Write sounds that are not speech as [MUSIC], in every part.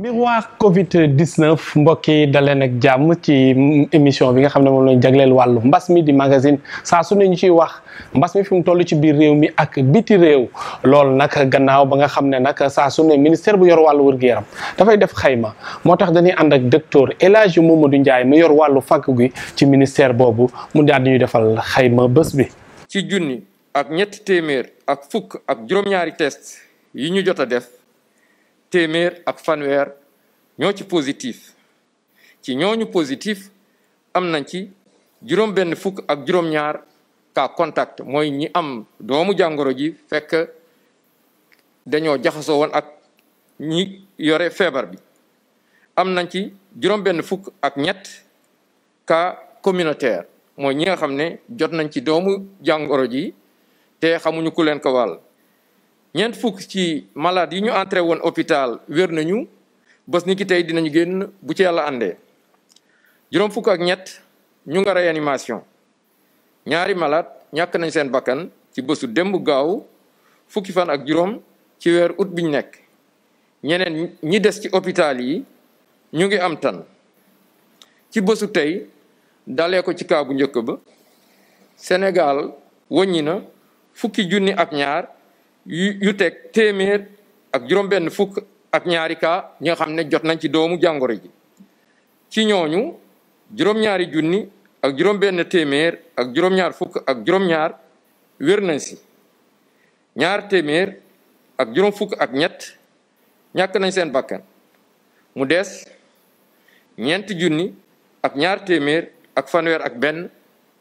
miroir Covid 19 mbokk yi daleen ak jàmm ci émission bi nga xam ne moom lañ jagleel wàllu mbas mi di magasin saa su ne ñu ciy wax mbas mi fi mu toll ci biir réew mi ak biti réew loolu nag gannaaw ba nga xam ne nag saa su ne ministère bu yor wàllu wér-gu-yaram dafay def xayma moo tax dañuy ànd ak docteur El Hadj Mamadou Ndiaye mu yor wàllu fàgg gi ci ministère boobu mu daal di ñu defal xayma bés bi. ci junni ak ñetti téeméer ak fukk ak juróom-ñaari yi ñu jot a téeméer ak fanweer ñoo ci positif ci ñooñu positif am nañ ci juróom benn fukk ak juróom-ñaar cas contact mooy ñi am doomu jàngoro ji fekk dañoo jaxasoo woon ak ñi yore feebar bi am nañ ci juróom benn fukk ak ñett ka communautaire mooy ñi nga xam ne jot nañ ci doomu jàngoro ji te xamuñu ku leen ko ñeent fukk ci malade yi ñu entré woon hôpital wér nañu bës ni ki tey dinañu génn bu ci yàlla àndee juróom fukk ak ñett ñu nga réanimation ñaari malade ñàkk nañ seen bakkan ci bësu démb gaaw fukki fan ak juróom ci weer août biñ nekk ñeneen ñi des ci hôpital yi ñu ngi am tan ci bësu tey dalee ko ci kaabu njëkk ba senegal wëññi na fukki junni ak ñaar yu teg téeméer ak juróom-benn fukk ak ñaari cas ñi xam ne jot nañ ci doomu jàngoro ji ci ñooñu juróom-ñaari junni ak juróom-benn téeméer ak juróom-ñaar fukk ak juróom-ñaar wér nañ si ñaar téeméer ak juróom fukk ak ñett ñàkk nañ seen bakkan mu des ñeent junni ak ñaar téeméer ak fanweer ak benn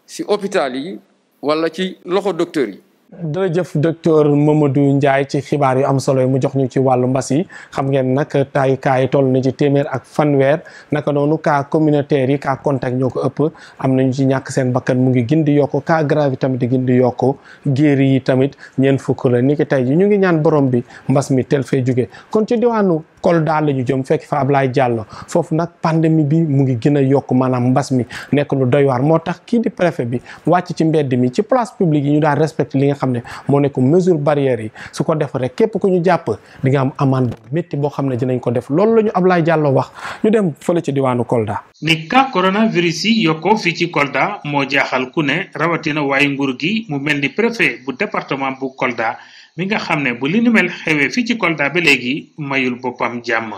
ci hôpital yi wala ci loxo docteur yi jërëjëf docteur Mamadou Ndiaye ci xibaar yu am solo yi mu jox ñu ci wàllu mbas yi xam ngeen nag tay cas yi na ci téeméer ak fanweer naka noonu cas communautaire yi cas contact ñoo ko ëpp am nañu ci ñàkk seen mbakkan mu ngi gindi yokku cas grave yi tamit di gindi yokku géeri yi tamit ñeent fukk la ni ki tey ji ñu ngi ñaan borom bi mbas mi tel fay jóge kon ci diwaanu Kolda la ñu jëm fekk fa lay Diallo foofu nag pandémie bi mu ngi gën yokk maanaam mbas mi nekk lu doy moo tax kii di préfet bi wàcc ci mbedd mi ci place publique yi ñu daal respecté li nga xam ne moo nekk mesure barrière yi su ko def rek képp ku ñu jàpp di nga am amende métti boo xam ne dinañ ko def loolu la ñu Ablaye Diallo wax ñu dem fële ci diwaanu Kolda. ni cas coronavirus yi yokkoo fii ci Kolda moo jaaxal ku ne rawatina waaye nguur gi mu mel ni préfet bu département bu Kolda. mi nga xam ne bu li mel xewee fii ci Kolda ba léegi mayul boppam jàmm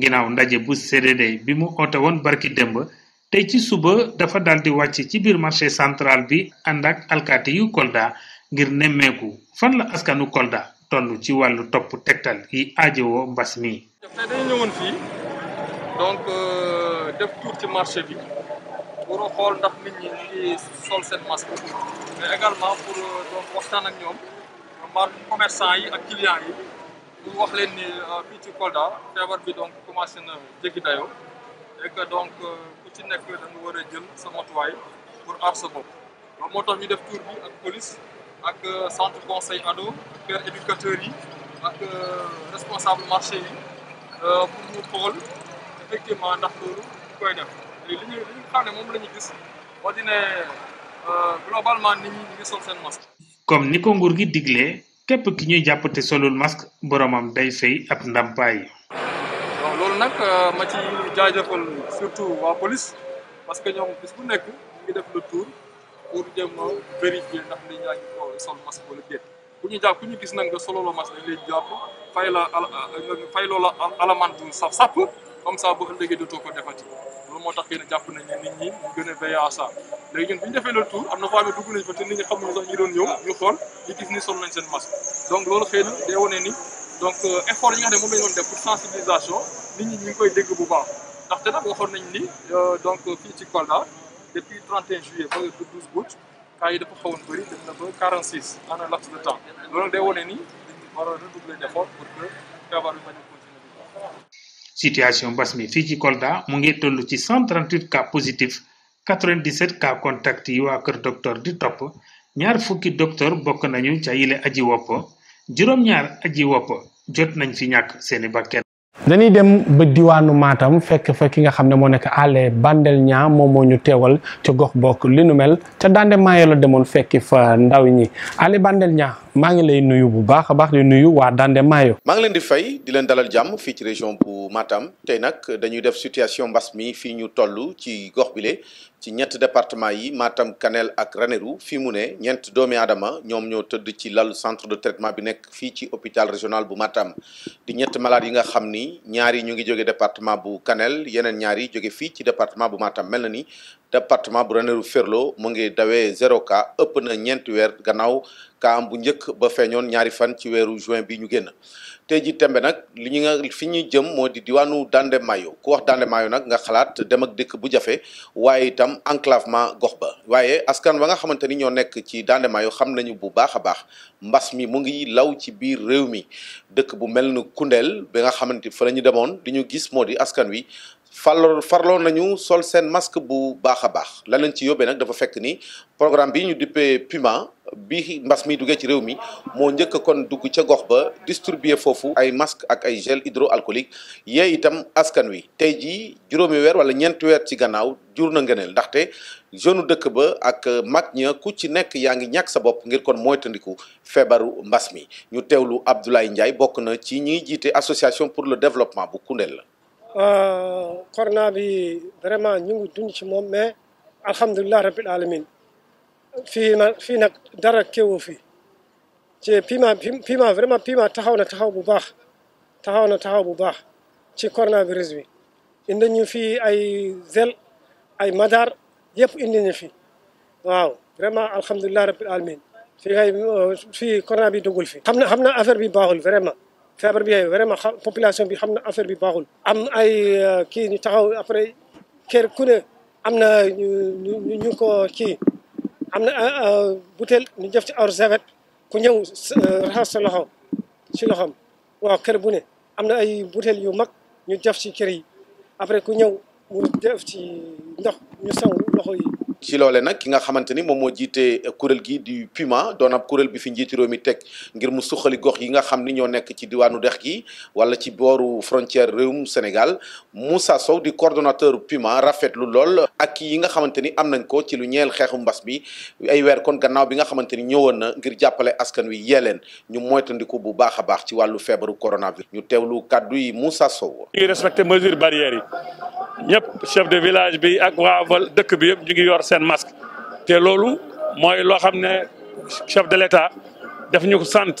ginnaaw ndaje bu CDD bi mu oote woon barki démb tey ci suba dafa dal di wàcc ci biir marché central bi ànd ak alkaati yu Kolda ngir nemmeeku fan la askanu Kolda toll ci wàllu topp tegtal yi aajowoo mbas mi. tey dañu ñëwoon fii euh, def tour ci marché bi pour xool ndax nit ñi ngi sol seen masque mais également pour euh, donc waxtaan ak ñoom. mbaa commercant yi ak clients yi pour wax leen ni euh, fii ci Kolda feebar bi donc commencé na jéggi dayoo et donc euh, ku ci nekk da nga war a jël sa matuwaay pour aar sa bopp. moo tax ñu def tour ak police ak euh, centre conseil ado père éducateur yi ak responsable marché yi pour ñu xool effectivement ndax loolu koy def li ñu li ne moom la gis moo di globalement nit ñu ngi seen masque. comme ni ko nguur gi diglee képp ki ñuy jàpp te solul masque boromam day fay ab ndàmpaay. bon loolu nag euh, ma ci jaajëfal surtout waa police parce que ñoom bis bu nekk ñu def le tour pour jéem a vérifier ndax nit ñaa sol masque wala déet ku jàpp ku gis nag nga soloo la masque dañ jàpp fay la euh, fay loola alamantu saf comme ça bu ëllëgee dootoo ko defati loolu moo tax yéen jàpp nañ ne gën a veillé à ça léegi ñun bu ñu defee le tour am na foo xam ne dugg nañ fa te nit ñi xamuñu sax ñi doon ñëw ñu xool ñu gis ni sol nañ seen masque donc loolu xëy na day wane ni donc euh, effort yi nga xam ne moom la ñu doon sensibilisation nit ñi ñu koy dégg bu baax ndaxte nag waxoon nañ ni euh, donc euh, fii ci Kolda depuis 31 juillet ba le 12 août cas yi dafa xawoon bëri dem en un de temps loolu day wane ni situation mbas mi fi ci Kolda mu ngi toll ci 138 cas positifs 97 cas contact yi waa kër docteur di topp ñaar fukki docteur bokk nañu ca yile aji wopp juróom-ñaar aji wopp jot nañ fi ñàkk seeni bakkan dañuy dem ba diwaanu Matam fekk fa ki nga xam ne moo nekk àlle Bandel ñaa moom moo ñu teewal ca gox bokk li nu mel ca Dande Maayo demoon fekki fa ndaw ñi àlle Bandel ñaa maa ngi lay nuyu bu baax a baax di nuyu waa Dande Maayo maa ngi leen di fay di leen dalal jàmm fii ci région bu Matam tey nag dañuy def situation mbas mi fii ñu tollu ci gox bi bile ci ñett département yi maatam Kanel ak Ranérou fii mu ne ñeent doomi aadama ñoom ñoo tëdd ci lal centre de traitement bi nekk fii ci hôpital régional bu Matam di ñett malade yi nga xam ni ñaari ñu ngi jóge département bu Kanel yeneen ñaari yi jóge fii ci département bu Matam mel na ni département bu Ranérou Ferlo mu ngi dawee zéro cas ëpp na ñeenti weer gannaaw kaam bu njëkk ba feeñoon ñaari fan ci weeru juin bi ñu génn tey ji tembe nag li ñu fi ñuy jëm moo di diwaanu Dande Mayo ku wax Dande Mayo nag nga xalaat dem ak dikk bu jafe waaye itam enclavement gox ba waaye askan ba nga xamante ni ñoo nekk ci Dande Mayo xam nañu bu baax a baax mbas mi mu ngi law ci biir réew mi dëkk bu mel ni Koundéel bi nga xamante fa la ñu demoon li gis moo di askan wi farloo farloo nañu sol seen masque bu baax a baax lan lañ ci yóbbee nag dafa fekk ni programme bi ñu duppee Puma bi mbas mi duggee ci réew mi moo njëkk kon dugg ca gox ba distribuer foofu ay masque ak ay gel hydroalcoolique yee itam askan wi tey jii juróomi weer wala ñeenti weer ci gannaaw jur na ngëneel ndaxte jeune dëkk ba ak mag ña ku ci nekk yaa ngi ñàkk sa bopp ngir kon moytandiku feebaru mbas mi ñu teewlu Abdoulaye Ndiaye bokk na ci ñi jiite association pour le développement bu Koundéel la Euh, corona bi vraiment ñu ngi dund ci moom mais alhamdulilah rabil alamin fii na fii nag dara kéwoo fi ci piment piment vraiment piment taxaw na taxaw bu baax taxaw na taxaw bu baax ci coronavirus bi indi ñu fii ay zel ay madar yëpp indi ñu fi waaw vraiment alhamdulilah rabil alamin fii ay euh, fii bi duggul fi xam na xam na affaire bi baaxul vraiment feebar bi vraiment xam population bi xam na affaire bi baaxul. am ay euh, kii ñu taxaw après kër ku ne am na ñu ñu ñu ko kii am na euh, euh, butéel ñu jëf ci or zevet ku ñëw raxas sa loxo ci loxoom waaw kër bu ne am na ay butéel yu mag ñu jëf ci kër yi après ku ñëw. mu def ci ndox loxo yi. ci loole nag ki nga xamante ni moom moo jiite kuréel gi di Puma doon ab kuréel bi fi njiiti mi teg ngir mu suqali gox yi nga xam ni ñoo nekk ci diwaanu dex gi wala ci booru frontière réewum Sénégal Moussa Sow di coordonnateur Puma rafetlu lool ak yi nga xamante ni am nañ ko ci lu ñeel xeexu mbas bi ay weer kon gannaaw bi nga xamante ni ñëwoon na ngir jàppale askan wi yee leen ñu moytandiku bu baax a baax ci wàllu feebaru coronavirus. ñu teewlu kàddu yi Moussa Sow. yi chef de village bi ak waa dëkk bi yëpp ñu ngi yor seen masque te loolu mooy loo xam ne chef de l'État daf ñu ko sant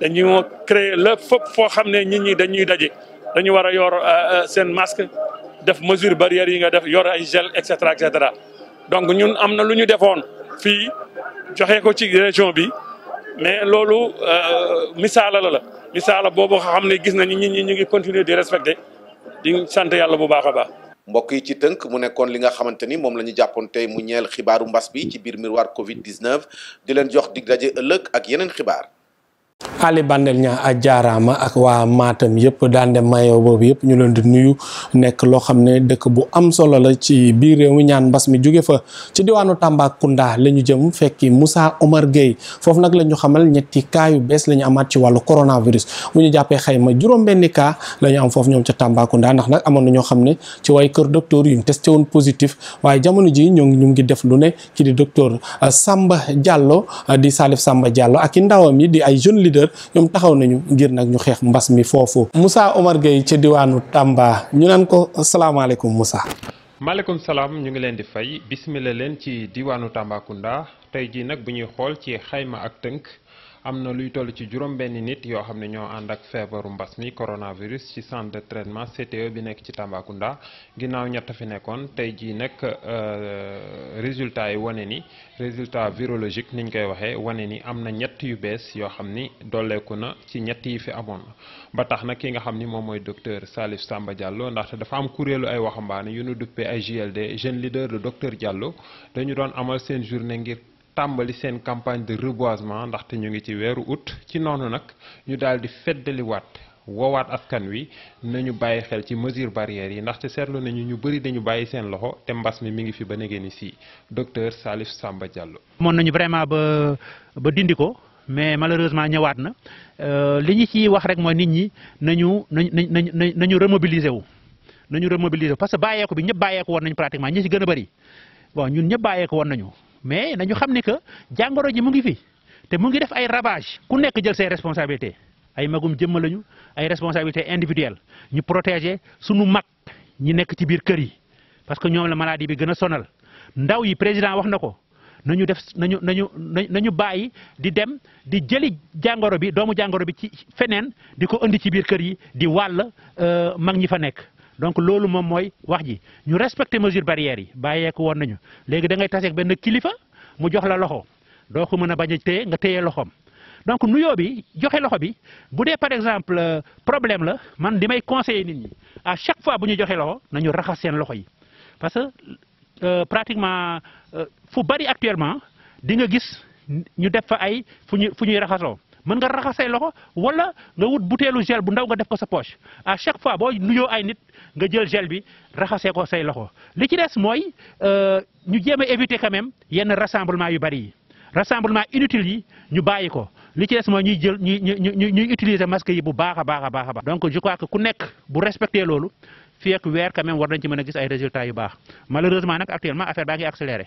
dañu créer la fépp foo xam ne nit ñi dañuy daje dañu war a yor euh, euh, seen masque def mesure barrière yi nga def yor ay gel et cetera et donc ñun am na lu ñu defoon fii joxe ko ci région bi mais loolu euh, misaala la la misaala boobu xam ne gis nañu nit ñi ñu ngi continuer di respecter di sant yàlla bu baax a mbokk yi ci tënk mu nekkoon li nga xamante ni moom la ñu jàppoon tey mu ñeel xibaaru mbas bi ci biir miroir Covid 19 di leen jox dig daje ëllëg ak yeneen xibaar. Ali Bandel ñaa a jaaraama ak waa maatam yëpp daan dem mayo boobu yëpp ñu leen di nuyu nekk loo xam ne dëkk bu am solo la ci biir réew ñaan mbas mi jóge fa ci diwaanu Tambacounda la ñu jëm fekki Moussa Omar Gueye foofu nag la ñu xamal ñetti cas yu bees la ñu ci wàllu coronavirus bu ñu jàppee xayma juróom-benni cas la ñu am foofu ñoom ca Tambacounda ndax nag amoon na ñoo xam ne ci way kër docteur yu ñu testé woon positif waaye jamono ji ñoo ngi ñu ngi def lu ne ci di docteur Samba Diallo di Salif Samba Diallo ak i ndawam yi di ay jeune leader ñoom taxaw nañu ngir nag ñu xeex mbas mi foofu Moussa Omar Gueye ci diwaanu Tamba ñu naan ko salaamaaleykum musa maaleykum salaam ñu ngi leen di fay bismillah leen ci diwaanu Tambacounda tey jii nag bu ñuy xool ci xayma ak tënk. am na luy toll ci juróom benn nit yoo xam ne ñoo ànd ak feebaru mbas mi coronavirus ci centre de traitement CTE bi nekk ci Tambacounda ginnaaw ñett fi nekkoon tey jii nag euh, résultat yi wane ni résultat virologique niñ koy waxee wane ni am na ñett yu bees yoo xam ni dolleeku na ci ñett yi fi amoon ba tax nag ki nga xam ni moom mooy docteur Salif Samba Diallo ndaxte dafa am kuréelu ay waxambaane yu nu duppee ay JLD jeune leader de docteur Diallo dañu doon amal seen journée ngir tàmbali seen campagne de reboisement ndaxte ñu ngi ci weeru août ci noonu nag ñu daal di feddaliwaat woowaat askan wi nañu bàyyi xel ci mesure barrière yi ndaxte seetlu nañu ñu bëri dañu bàyyi seen loxo te mbas mi mi ngi fi ba nekkee ni si docteur Salif Samba Diallo. moon nañu vraiment ba ba dindi ko mais malheureusement ñëwaat na euh, li ñu ciy wax rek mooy nit ñi na ñu na nañu na wu. nañu remobiliser wu parce que bàyyeeku bi ñëpp bàyyeeku woon nañu pratiquement ñi ci gën a bëri bon ñun ñëpp bàyyeeku mais nañu xam ne que jàngoro ji mu ngi fi te mu ngi def ay ravage ku nekk jël ses responsabilité ay magum jëmm lañu ay responsabilité individuelles ñu protéger sunu mag ñi nekk ci biir kër yi parce que ñoom la maladi bi gën a sonal ndaw yi président wax na ko nañu def nañu nañu nañu bàyyi di dem di jëli jàngoro bi doomu jàngoro bi ci feneen di ko indi ci biir kër yi di wàll euh, mag ñi fa nekk. donc loolu moom mooy wax ji ñu respecté mesure barrière yi bàyyeeku woon nañu léegi da ngay taseeg benn kilifa mu jox la loxo doo ko mën a bañ a téye nga téye loxoom. donc nuyoo bi joxe loxo bi bu dee par exemple euh, problème la man di may conseiller nit ñi à chaque fois bu ñu joxe loxo nañu raxas seen loxo yi parce que euh, pratiquement euh, fu bari actuellement di nga gis ñu def fa ay fu ñuy fu ñuy raxasoo mën nga raxas say loxo wala nga wut butéelu gel bu ndaw nga def ko sa poche à chaque fois boo nuyoo ay nit. nga jël gel bi raxasee ko say loxo li ci des mooy euh, ñu jéem a éviter quand même yenn rassemblement yu bari yi rassemblement inutile yi ñu bàyyi ko li ci des mooy ñuy jël ñuy ñuy ñuy yi bu baax a baax a baax donc je crois que ku nekk bu respecté loolu fii weer quand même war ci mën a gis ay résultats yu baax malheureusement nag actuellement affaire baa ngi accéléré.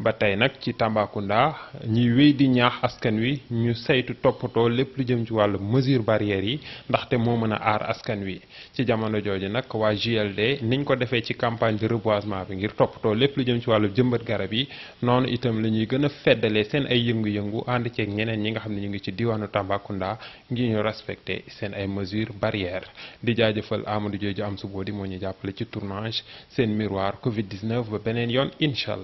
ba tey nag ci Tambacounda ñuy wéy di ñaax askan wi ñu saytu toppatoo lépp lu jëm ci wàllu mesure barrière yi ndaxte moo mën a aar askan wi ci jamono jooju nag waa JLD niñ ko defee ci campagne de reboisement bi ngir toppatoo lépp lu jëm ci wàllu jëmbat garab yi noonu itam la ñuy gën a feddalee seen ay yëngu-yëngu ànd ceeg ñeneen ñi nga xam ne ñu ngi ci diwaanu Tambacounda ngir ñu respecté seen ay mesure barrière di jaajëfal Amadou Diodji am suboo di moo ñu jàppale ci tournage seen miroir Covid 19 ba beneen yoon incha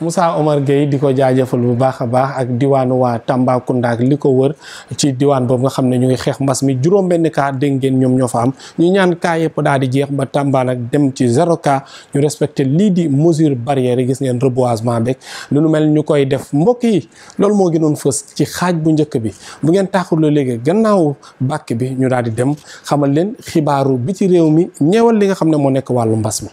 Moussa Omar Gueye di ko jaajëfal bu baax a baax ak diwaanu waa Tambacounda li ko wër ci diwaan boobu nga xam ne ñu ngi xeex mbas mi juróom-benn cas dégg ngeen ñoom ñoo fa am ñu ñaan kaa yëpp daal di jeex ba Tamba nag dem ci zéro cas ñu respecté lii di mesure barrière yi gis ngeen reboisement beeg lu nu mel ñu koy def mbokk yi loolu moo gënoon fës ci xaaj bu njëkk bi bu ngeen taaxurloo léegi gannaaw bàkk bi ñu daal di dem xamal leen xibaaru bi ci réew mi ñeewal li nga xam ne moo nekk wàllu mbas mi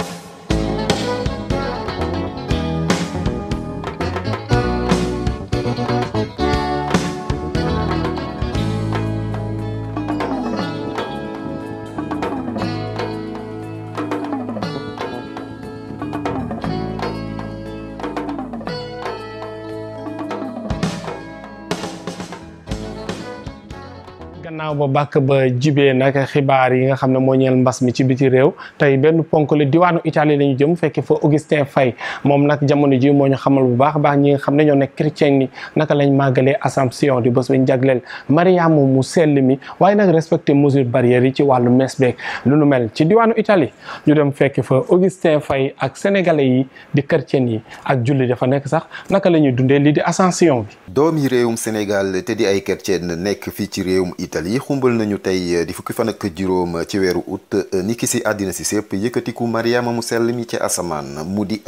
bàkk ba jibee nag xibaar yi nga xam ne moo ñeel mbas mi ci biti réew tey benn ponk la diwaanu Italie la ñu jëm fekk fa Augustin Faye moom nag jamono ji moo ñu xamal bu baax baax ñi nga xam ne ñoo nekk chrétien ni naka lañ màggalee Assomption di bés bañ jagleel Mariama mu sell mi waaye nag respecté mesure barrières yi ci wàllu mes beeg lu nu mel ci diwaanu Italie ñu dem fekk fa Augustin Faye ak sénégalais yi di chrétien yi ak julli dafa nekk sax naka la ñuy dundee lii di Assomption bi doomi réewum Sénégal te di ay chrétien nekk fii ci réewum Italie ëmbal nañu tey eh, di fukki fan ak juróom eh, ci weeru août eh, ni ki si àddina si sépp yëkkatiku Mariama mu sell ci asamaan mu di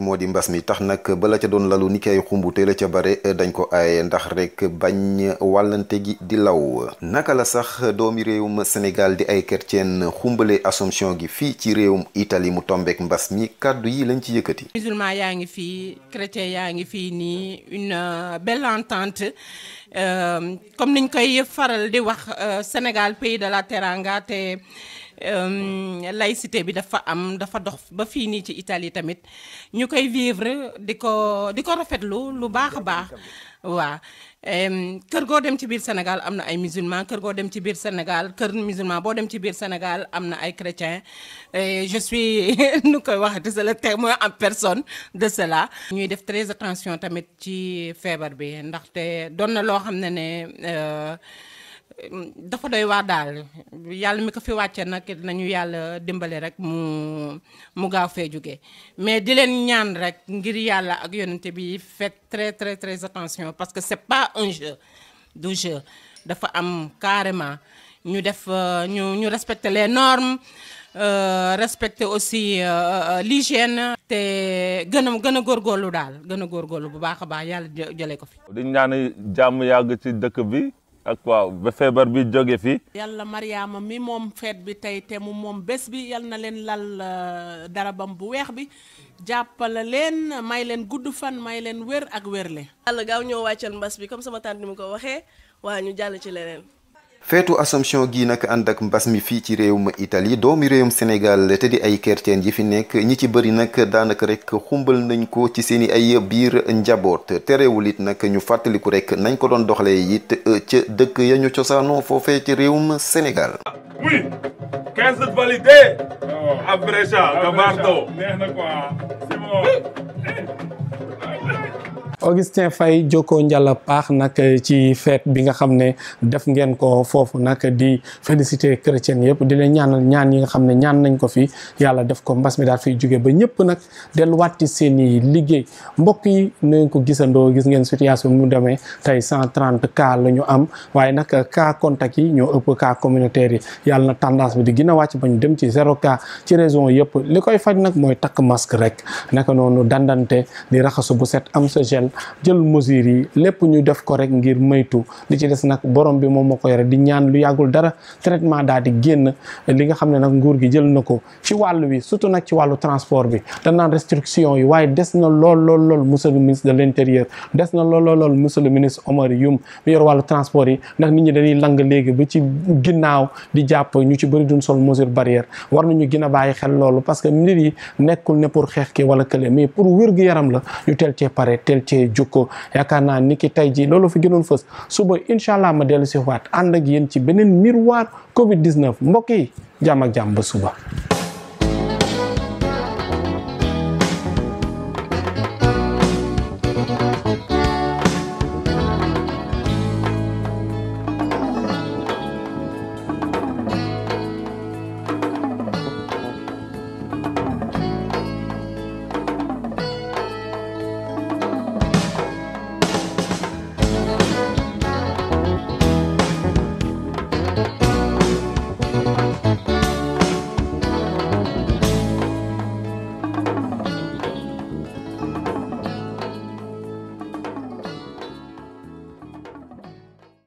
moo di mbas mi tax nag bala ca doon lalu ni ki ay xumbu te la ca ko aaye ndax rek bañ wàllante gi di law naka la sax doomi réewum Sénégal di ay chrétien xumbale Assomption gi fii ci réewum Italie mu tombeek mbas mi kàddu yi lañ ci yëkkati. musulman yaa ngi fii chrétien yaa ngi fii nii une euh, belle entente. Euh, comme niñ koy faral di wax euh, Sénégal pays de la Teranga te Euh, laïcité bi dafa am dafa dox ba fii nii ci Italie tamit ñu koy vivre di ko di ko rafetlu lu baax a baax waaw euh, kër goo dem ci biir Sénégal am na ay musulmans kër goo dem ci biir Sénégal kër musulman boo dem ci biir Sénégal am na ay chrétiens je suis [LAUGHS] nu koy waxati c'est le témoin en personne de cela. ñuy def très attention tamit ci feebar bi ndaxte doon na loo xam ne ne. Euh, dafa doy waar daal yàlla mi ko fi wàcce nag nañu yàlla dimbale rek mu mu gaaw fee jóge mais di leen ñaan rek ngir yàlla ak yonente bi faites très très très attention parce que c'est pas un jeu du jeu dafa am carrément ñu def euh, ñu ñu respecter les normes euh, respecter aussi euh, l'hygiène te gën a gën a góorgóorlu daal gën a góorgóorlu bu baax a baax yàlla jëlee ko fi. di ñaan jàmm yàgg ci dëkk bi. ak waaw ba feebar bi jóge fi yàlla Mariama mi moom feet bi tey te mu moom bés bi yal na leen lal euh, bam bu weex bi jàppale leen may leen gudd fan may leen wér ak wérle. yàlla gaaw ñoo wàccal mbas bi comme sama tante ni mu ko waxee waa ñu jàll ci leneen. feetu Assomption gi nag ànd ak mbas mi fii ci réewum Italie doomi réewum Sénégal te di ay kerceen yi fi nekk ñi ci bari nag daanaka rek xumbal nañ ko ci seeni ay biir njaboot terewul it nag ñu fàttaliku rekk nañ ko doon doxalee it e, ca dëkk yañu ñu cosaanoo foofee ci réewum Sénégal. Augustin Faye jokkoo njàlla paax nag eh, ci feet bi nga xam ne def ngeen ko foofu nag di félicité chrétien yëpp di leen ñaanal ñaan yi nga xam ne ñaan nañ ko fi yàlla def ko mbas mi daal fiy jóge ba ñëpp nag delluwaat ci seen i liggéey mbokk yi nañ ko gisandoo gis ngeen situation mu demee tey cent trente cas la ñu am waaye nag cas contact yi ñoo ëpp cas communautaire yi yàlla na tendance bi di gën wàcc ba ñu dem ci zéro cas ci raison yëpp li koy faj nag mooy takk masque rek naka noonu dandante di raxasu bu set am sa gel jël mesures yi lépp ñu def ko rek ngir moytu li ci des nag borom bi moom moo ko yore di ñaan lu yàggul dara traitement daal di génn li nga xam ne nag nguur gi jël na ko ci wàll wi surtout nag ci wàllu transport bi danaan restriction yi waaye des na lool lool lool monsieur le ministre de l'intérieur des na lool lool lool monsieur le ministre Omar Youm mi yor wàllu transport yi ndax nit ñi dañuy lang léegi ba ci ginnaaw di jàpp ñu ci bëri duñ sol mesure barrière war nañu gën a bàyyi xel loolu parce que mbir yi nekkul ne pour xeex pour wér gu yaram la jëfee jukko yaakaar naa ni ki tey jii loolu fi gënoon fës suba incha allah ma dellu si waat ànd ak yéen ci beneen miroir Covid 19 mbokk yi jàmm ak jàmm ba suba.